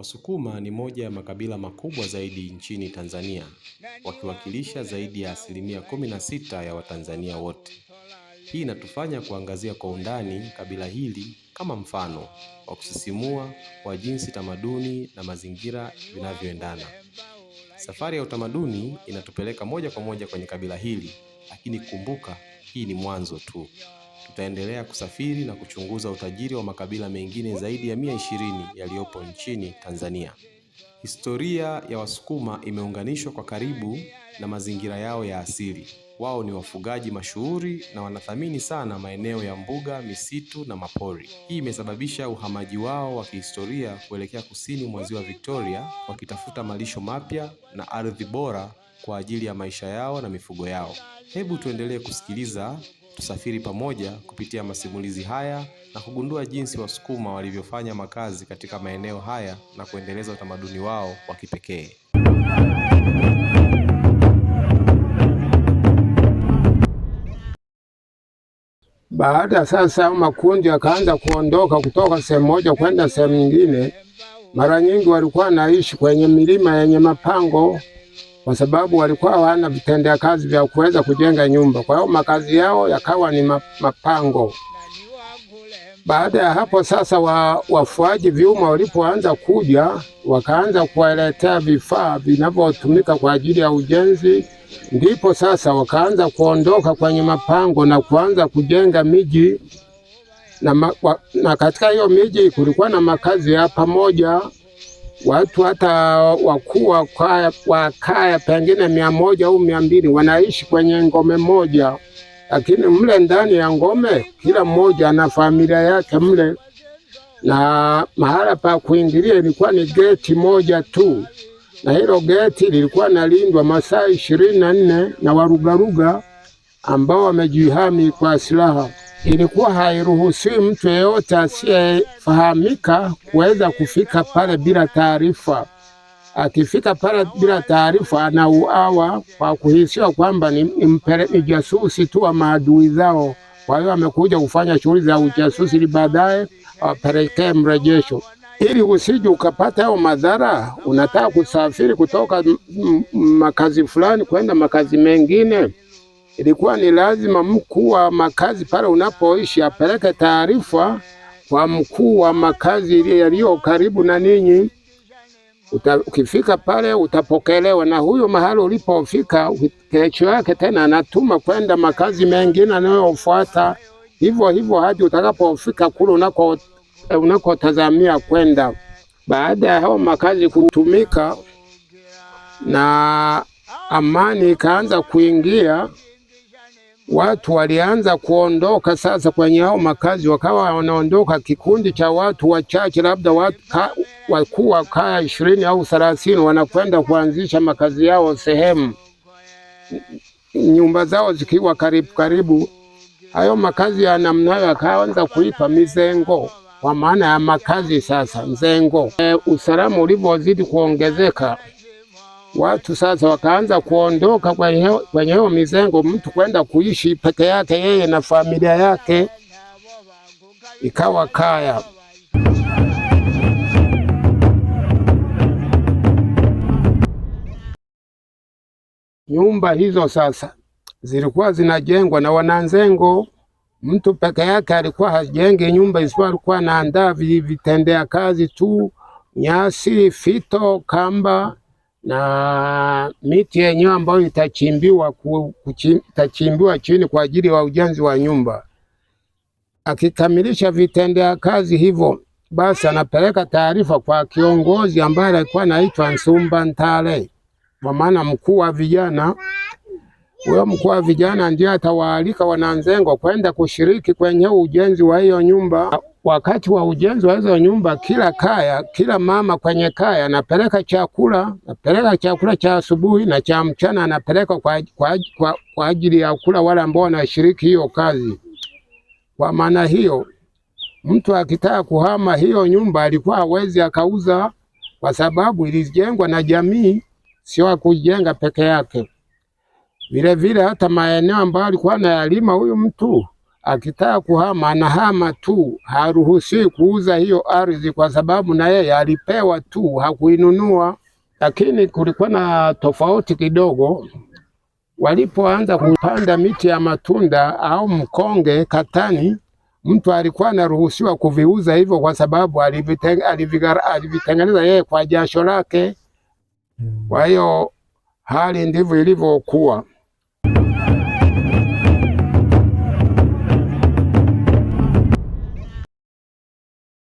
Wasukuma ni moja ya makabila makubwa zaidi nchini Tanzania wakiwakilisha zaidi ya asilimia kumi na sita ya Watanzania wote. Hii inatufanya kuangazia kwa undani kabila hili kama mfano wa kusisimua wa jinsi tamaduni na mazingira vinavyoendana. Safari ya utamaduni inatupeleka moja kwa moja kwenye kabila hili, lakini kumbuka hii ni mwanzo tu. Tutaendelea kusafiri na kuchunguza utajiri wa makabila mengine zaidi ya mia ishirini yaliyopo nchini Tanzania. Historia ya Wasukuma imeunganishwa kwa karibu na mazingira yao ya asili. Wao ni wafugaji mashuhuri na wanathamini sana maeneo ya mbuga, misitu na mapori. Hii imesababisha uhamaji wao wa kihistoria kuelekea kusini mwa Ziwa Victoria wakitafuta malisho mapya na ardhi bora kwa ajili ya maisha yao na mifugo yao. Hebu tuendelee kusikiliza Tusafiri pamoja kupitia masimulizi haya na kugundua jinsi Wasukuma walivyofanya makazi katika maeneo haya na kuendeleza utamaduni wao wa kipekee. Baada sasa makundi yakaanza kuondoka kutoka sehemu moja kwenda sehemu nyingine, mara nyingi walikuwa naishi kwenye milima yenye mapango kwa sababu walikuwa hawana vitendea kazi vya kuweza kujenga nyumba. Kwa hiyo makazi yao yakawa ni mapango. Baada ya hapo sasa, wa, wafuaji vyuma walipoanza kuja, wakaanza kuwaletea vifaa vinavyotumika kwa ajili ya ujenzi, ndipo sasa wakaanza kuondoka kwenye mapango na kuanza kujenga miji na, ma, wa, na katika hiyo miji kulikuwa na makazi ya pamoja watu hata wakuu wa kaya pengine mia moja au mia mbili wanaishi kwenye ngome moja, lakini mle ndani ya ngome kila mmoja na familia yake mle, na mahala pa kuingilia ilikuwa ni geti moja tu, na hilo geti lilikuwa nalindwa masaa ishirini na nne na warugaruga ambao wamejihami kwa silaha ilikuwa hairuhusiwi mtu yeyote asiyefahamika kuweza kufika pale bila taarifa. Akifika pale bila taarifa, anauawa kwa kuhisiwa kwamba ni, ni jasusi tu wa maadui zao. Kwa hiyo amekuja kufanya shughuli za ujasusi ili baadaye awapelekee mrejesho. Ili usije ukapata hayo madhara, unataka kusafiri kutoka makazi fulani kwenda makazi mengine ilikuwa ni lazima mkuu wa makazi pale unapoishi apeleke taarifa kwa mkuu wa makazi ile yaliyo karibu na ninyi. Uta, ukifika pale utapokelewa na huyo mahali ulipofika. Kesho yake tena anatuma kwenda makazi mengine anayofuata, hivyo hivyo hadi utakapofika kule unako unakotazamia kwenda. Baada ya hao makazi kutumika na amani ikaanza kuingia watu walianza kuondoka sasa kwenye hao makazi, wakawa wanaondoka kikundi cha watu wachache, labda wa kaya ishirini au thelathini, wanakwenda kuanzisha makazi yao sehemu, nyumba zao zikiwa karibu karibu. Hayo makazi ya namna hiyo akaanza kuipa mizengo, kwa maana ya makazi sasa mzengo. E, usalama ulivyozidi kuongezeka Watu sasa wakaanza kuondoka kwenye hiyo mizengo, mtu kwenda kuishi peke yake yeye na familia yake, ikawa kaya nyumba hizo sasa zilikuwa zinajengwa na wananzengo. Mtu peke yake alikuwa hajenge nyumba isipokuwa alikuwa naandaa vitendea kazi tu, nyasi, fito, kamba na miti yenyewe ambayo itachimbiwa itachimbiwa chini kwa ajili ya ujenzi wa nyumba. Akikamilisha vitendea kazi hivyo, basi anapeleka taarifa kwa kiongozi ambaye alikuwa anaitwa Nsumba Ntale, kwa maana mkuu wa vijana. Huyo mkuu wa vijana ndiye atawaalika wananzengo kwenda kushiriki kwenye ujenzi wa hiyo nyumba wakati wa ujenzi wa hizo nyumba, kila kaya, kila mama kwenye kaya anapeleka chakula, napeleka chakula cha asubuhi na cha mchana, anapeleka kwa, kwa, kwa, kwa ajili ya kula wale ambao wanashiriki hiyo kazi. Kwa maana hiyo, mtu akitaka kuhama hiyo nyumba alikuwa hawezi akauza, kwa sababu ilijengwa na jamii, sio kujenga peke yake. Vilevile hata maeneo ambayo alikuwa anayalima huyu mtu Akitaka kuhama anahama tu, haruhusiwi kuuza hiyo ardhi, kwa sababu na yeye alipewa tu, hakuinunua. Lakini kulikuwa na tofauti kidogo walipoanza kupanda miti ya matunda au mkonge katani, mtu alikuwa anaruhusiwa kuviuza hivyo, kwa sababu alivitengeneza yeye kwa jasho lake. Kwa hiyo hali ndivyo ilivyokuwa.